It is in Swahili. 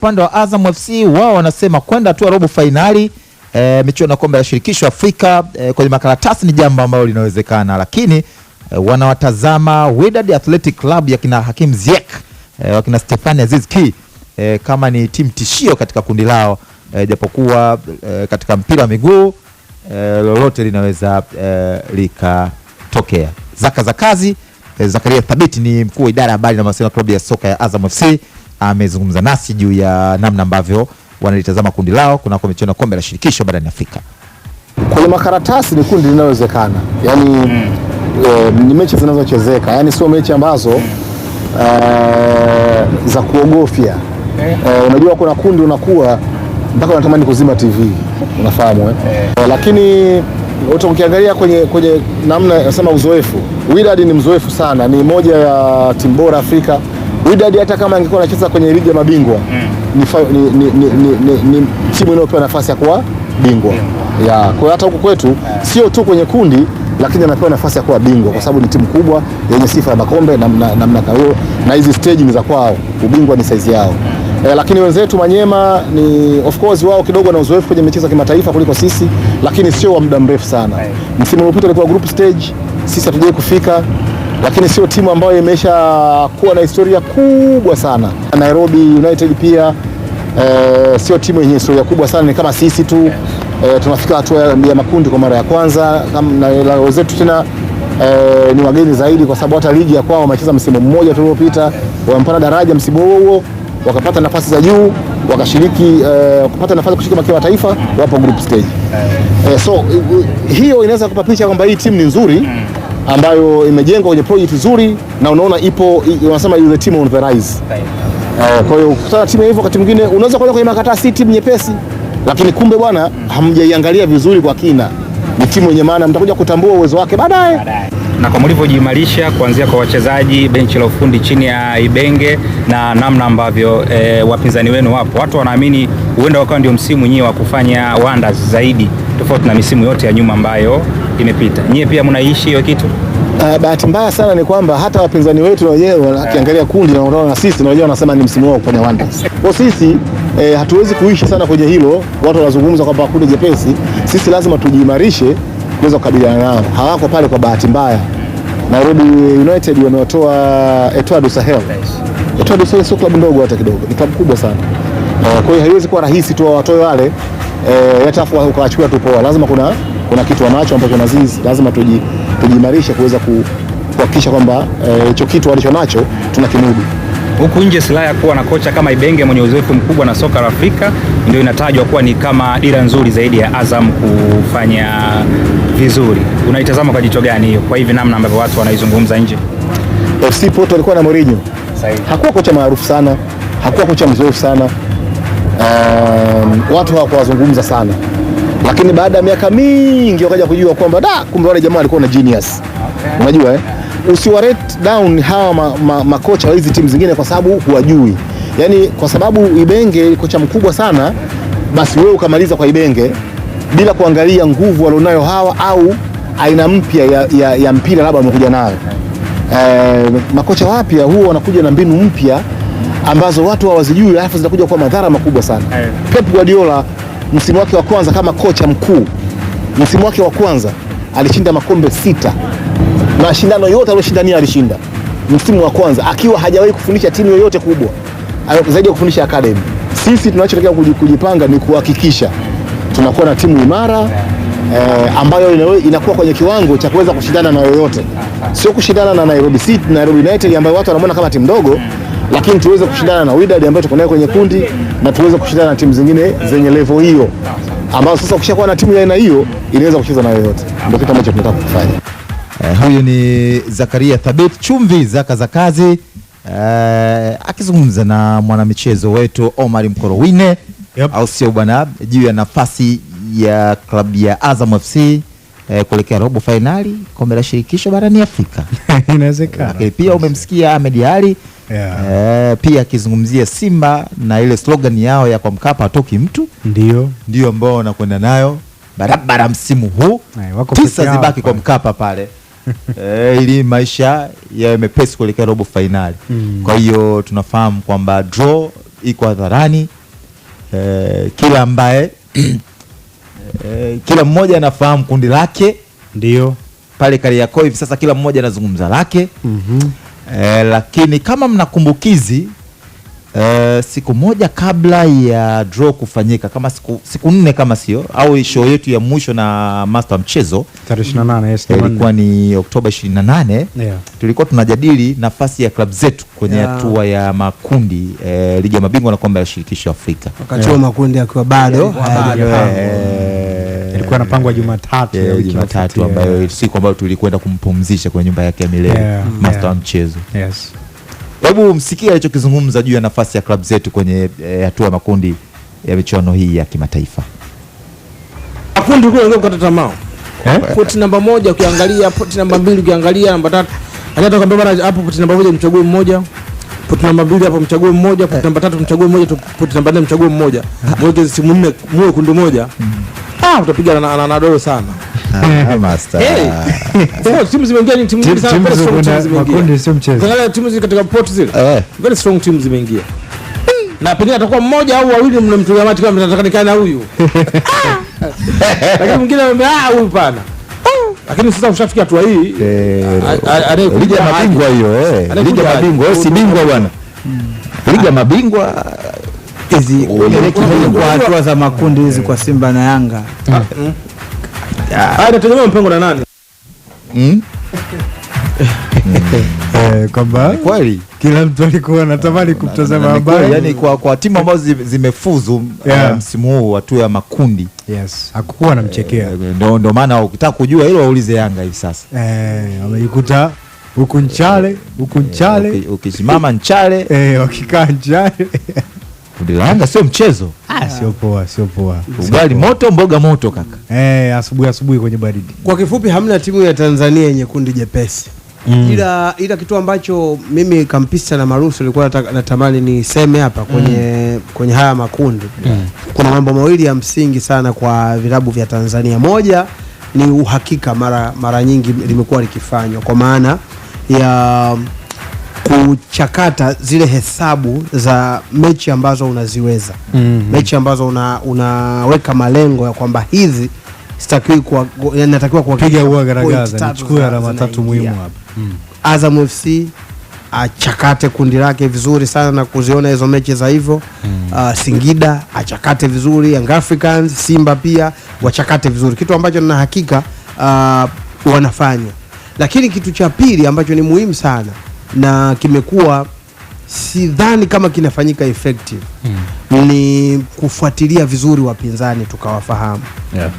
Upande wa Azam FC wao wanasema kwenda tu robo fainali e, eh, michuano ya kombe la shirikisho Afrika e, kwenye makaratasi ni jambo ambalo linawezekana, lakini e, wanawatazama Wydad Athletic Club ya kina Hakim Ziyech e, wakina Stefani Aziz Ki e, kama ni timu tishio katika kundi lao e, japokuwa e, katika mpira wa miguu e, lolote linaweza e, likatokea. Zaka Zakazi e, Zakaria Thabiti ni mkuu wa idara ya habari na mawasiliano klabu ya soka ya Azam FC amezungumza nasi juu ya namna ambavyo wanalitazama kundi lao kunako michuano kombe la shirikisho barani Afrika. Kwenye makaratasi ni kundi linalowezekana, yani mm. Eh, e, ni mechi zinazochezeka, yani sio mechi ambazo e, za kuogofya e, unajua kuna kundi unakuwa mpaka unatamani kuzima TV unafahamu eh? E, lakini ukiangalia kwenye, kwenye namna nasema uzoefu, Wydad ni mzoefu sana, ni moja ya timu bora Afrika. Wydad hata kama angekuwa anacheza kwenye ligi ya mabingwa mm. ni, ni, ni, ni, ni, ni timu inayopewa nafasi ya kuwa bingwa ya Kwa hiyo hata huko kwetu yeah. sio tu kwenye kundi lakini anapewa nafasi ya kuwa bingwa kwa sababu ni timu kubwa yenye sifa ya makombe namna hiyo, na hizi stage ni za kwao, ubingwa ni saizi yao e, lakini wenzetu Manyema ni of course wao kidogo na uzoefu kwenye michezo ya kimataifa kuliko sisi, lakini sio wa muda mrefu sana. Msimu uliopita ilikuwa group stage, sisi hatujai kufika lakini sio timu ambayo imesha kuwa na historia kubwa sana. Nairobi United pia e, sio timu yenye historia kubwa sana, ni kama sisi tu e, tunafika hatua ya makundi kwa mara ya kwanza na wenzetu tena e, ni wageni zaidi, kwa sababu hata ligi ya kwao wamecheza msimu mmoja tu uliopita, wamepanda daraja msimu huo huo wakapata nafasi za juu wakashiriki uh, kupata nafasi kushika makia ya taifa wapo group stage. Uh, so uh, hiyo inaweza kupa picha kwamba hii timu ni nzuri ambayo imejengwa kwenye project nzuri na unaona ipo, wanasema ile team on the rise. Eh, kwa hiyo kukutana timu hivyo, wakati mwingine unaweza kuona kwenye makataa si timu nyepesi, lakini kumbe bwana, hamjaiangalia vizuri kwa kina. Ni timu yenye maana, mtakuja kutambua uwezo wake baadaye na kwa mlivyojiimarisha kuanzia kwa wachezaji, benchi la ufundi chini ya Ibenge na namna ambavyo e, wapinzani wenu wapo, watu wanaamini huenda wakawa ndio msimu nyie wa kufanya wonders zaidi tofauti na misimu yote ya nyuma ambayo imepita. Nyie pia mnaishi hiyo kitu? Uh, bahati mbaya sana ni kwamba hata wapinzani wetu na wenyewe wakiangalia kundi na wanaona sisi na wenyewe wanasema ni msimu wao kwenye one Kwa sisi eh, hatuwezi kuishi sana kwenye hilo. Watu wanazungumza kwamba kundi jepesi, sisi lazima tujiimarishe kuweza kukabiliana nao. Hawako pale kwa bahati mbaya. Nairobi United wamewatoa Etoile du Sahel. Etoile du Sahel sio klabu ndogo hata kidogo, ni klabu kubwa sana. Ah, kwa hiyo haiwezi kuwa rahisi tu wawatoe wale eh, ya ukawachukua tu poa. Lazima kuna, kuna kitu wanacho ambacho Nazizi lazima tujiimarishe kuweza kuhakikisha kwamba eh, hicho e, kitu walichonacho tunakimudu huku nje silaha ya kuwa na kocha kama Ibenge mwenye uzoefu mkubwa na soka la Afrika ndio inatajwa kuwa ni kama dira nzuri zaidi ya Azam kufanya vizuri. Unaitazama kwa jicho gani hiyo, kwa hivi namna ambavyo watu wanaizungumza nje? FC Porto alikuwa na Mourinho, hakuwa kocha maarufu sana, hakuwa kocha mzoefu sana um, watu hawakuwazungumza sana, lakini baada ya miaka mingi wakaja kujua kwamba da, kumbe wale jamaa walikuwa na genius. Unajua eh? rate down hawa makocha ma, makocha wa hizi timu zingine kwa sababu huwajui, yaani kwa sababu Ibenge kocha mkubwa sana, basi wewe ukamaliza kwa Ibenge bila kuangalia nguvu walionayo hawa au aina mpya ya, ya, ya mpira labda wamekuja nayo. Eh, makocha wapya huwa wanakuja na mbinu mpya ambazo watu hawazijui alafu zinakuja kuwa madhara makubwa sana. Pep Guardiola msimu wake wa kwanza kama kocha mkuu, msimu wake wa kwanza alishinda makombe sita, mashindano yote aliyoshindania alishinda msimu wa kwanza, akiwa hajawahi kufundisha timu yoyote kubwa zaidi ya kufundisha academy. Sisi tunachotakiwa kujipanga ni kuhakikisha tunakuwa na timu imara eh, ambayo inakuwa kwenye kiwango cha kuweza kushindana na yoyote, sio kushindana na Nairobi City, Nairobi United ambayo watu wanaona kama timu ndogo lakini tuweze kushindana na Wydad ambayo tuko nayo kwenye kundi na tuweze kushindana na timu zingine zenye level hiyo, ambazo sasa ukishakuwa na timu ya aina hiyo inaweza kucheza na yoyote. Ndio kitu ambacho tunataka kufanya. Eh, huyu ni Zakaria Thabit Chumvi Zaka za kazi eh, akizungumza na mwanamichezo wetu Omar Mkorowine, yep. au sio bwana, juu ya nafasi ya klabu ya Azam FC eh, kuelekea robo fainali kombe la shirikisho barani Afrika inawezekana. Okay, pia umemsikia Ahmed Ali yeah. eh, pia akizungumzia Simba na ile slogan yao ya kwa Mkapa hatoki mtu, ndio ndio ambao wanakwenda nayo barabara msimu huu wako tisa zibaki kwa Mkapa pale eh, ili maisha yawe mepesi kuelekea robo fainali mm. Kwa hiyo tunafahamu kwamba draw iko hadharani eh, kila ambaye Eh, kila mmoja anafahamu kundi lake ndio pale Kariakoo hivi sasa, kila mmoja anazungumza lake mm -hmm. E, lakini kama mnakumbukizi e, eh, siku moja kabla ya draw kufanyika kama siku, siku nne kama sio au show yetu ya mwisho na master mchezo ilikuwa ni Oktoba 28 yeah. tulikuwa tunajadili nafasi ya klabu zetu kwenye hatua yeah. ya makundi e, ligi ya mabingwa na kombe la shirikisho Afrika wakati wa yeah. makundi akiwa bado ilikuwa inapangwa Jumatatu yeah, yeah, Jumatatu ambayo yeah. siku ambayo tulikwenda kumpumzisha kwenye nyumba yake ya milele yeah, master yeah. wa mchezo yes. Hebu msikie alichokizungumza juu ya nafasi ya klabu zetu kwenye eh, hatua ya makundi ya michuano hii ya kimataifa. Makundi ndio kukata tamaa eh? Poti namba moja ukiangalia, poti namba mbili ukiangalia, namba tatu hapo poti namba moja mchague mmoja poti namba mbili hapo mchague mmoja, poti namba tatu mchague mmoja, poti namba nne mchague mmoja, eh. simu nne muwe kundi moja. Mm-hmm ah, utapigana na, na, na doro sana ah, ah, timu zimeingia, eh. timu zimeingia, na pengine atakuwa mmoja au wawili huyu, lakini mwingine ah, huyu pana lakini sasa ushafikia hatua hii, eh, ligi ya mabingwa hiyo, eh. ligi ya mabingwa si bingwa bwana, hmm. ligi ya mabingwa hizi kwa hatua za makundi hizi kwa Simba na Yanga inategemea ah. ah. mpango na nani hmm? eh, kwamba kweli kila mtu alikuwa anatamani kutazama habari yani, kwa, kwa timu ambazo zimefuzu eh, yeah. msimu huu hatua ya makundi yes. hakukuwa anamchekea e, eh, ndo maana ukitaka kujua hilo waulize Yanga hivi sasa wamejikuta e, huku Nchale huku Nchale ukisimama Nchale wakikaa Nchale bilanga sio mchezo. Ah, ah. Sio poa, sio poa. Ugali moto, mboga moto kaka. Eh, asubuhi asubuhi kwenye baridi. Kwa kifupi, hamna timu ya Tanzania yenye kundi jepesi. Mm. Ila, ila kitu ambacho mimi kampista na marusu nilikuwa natamani niseme hapa kwenye, mm. kwenye haya makundi mm. kuna mambo mawili ya msingi sana kwa vilabu vya Tanzania. Moja ni uhakika, mara, mara nyingi limekuwa likifanywa kwa maana ya kuchakata zile hesabu za mechi ambazo unaziweza mm -hmm. mechi ambazo una, unaweka malengo ya kwamba hizi sitakiwi kwa, natakiwa huwa garagaza nichukue alama tatu muhimu hapa mm. Azam FC achakate kundi lake vizuri sana na kuziona hizo mechi za hivyo mm. Uh, Singida achakate vizuri, Young Africans, Simba pia wachakate vizuri, kitu ambacho na hakika uh, wanafanya. Lakini kitu cha pili ambacho ni muhimu sana na kimekuwa sidhani kama kinafanyika effective mm. Ni kufuatilia vizuri wapinzani tukawafahamu, yeah.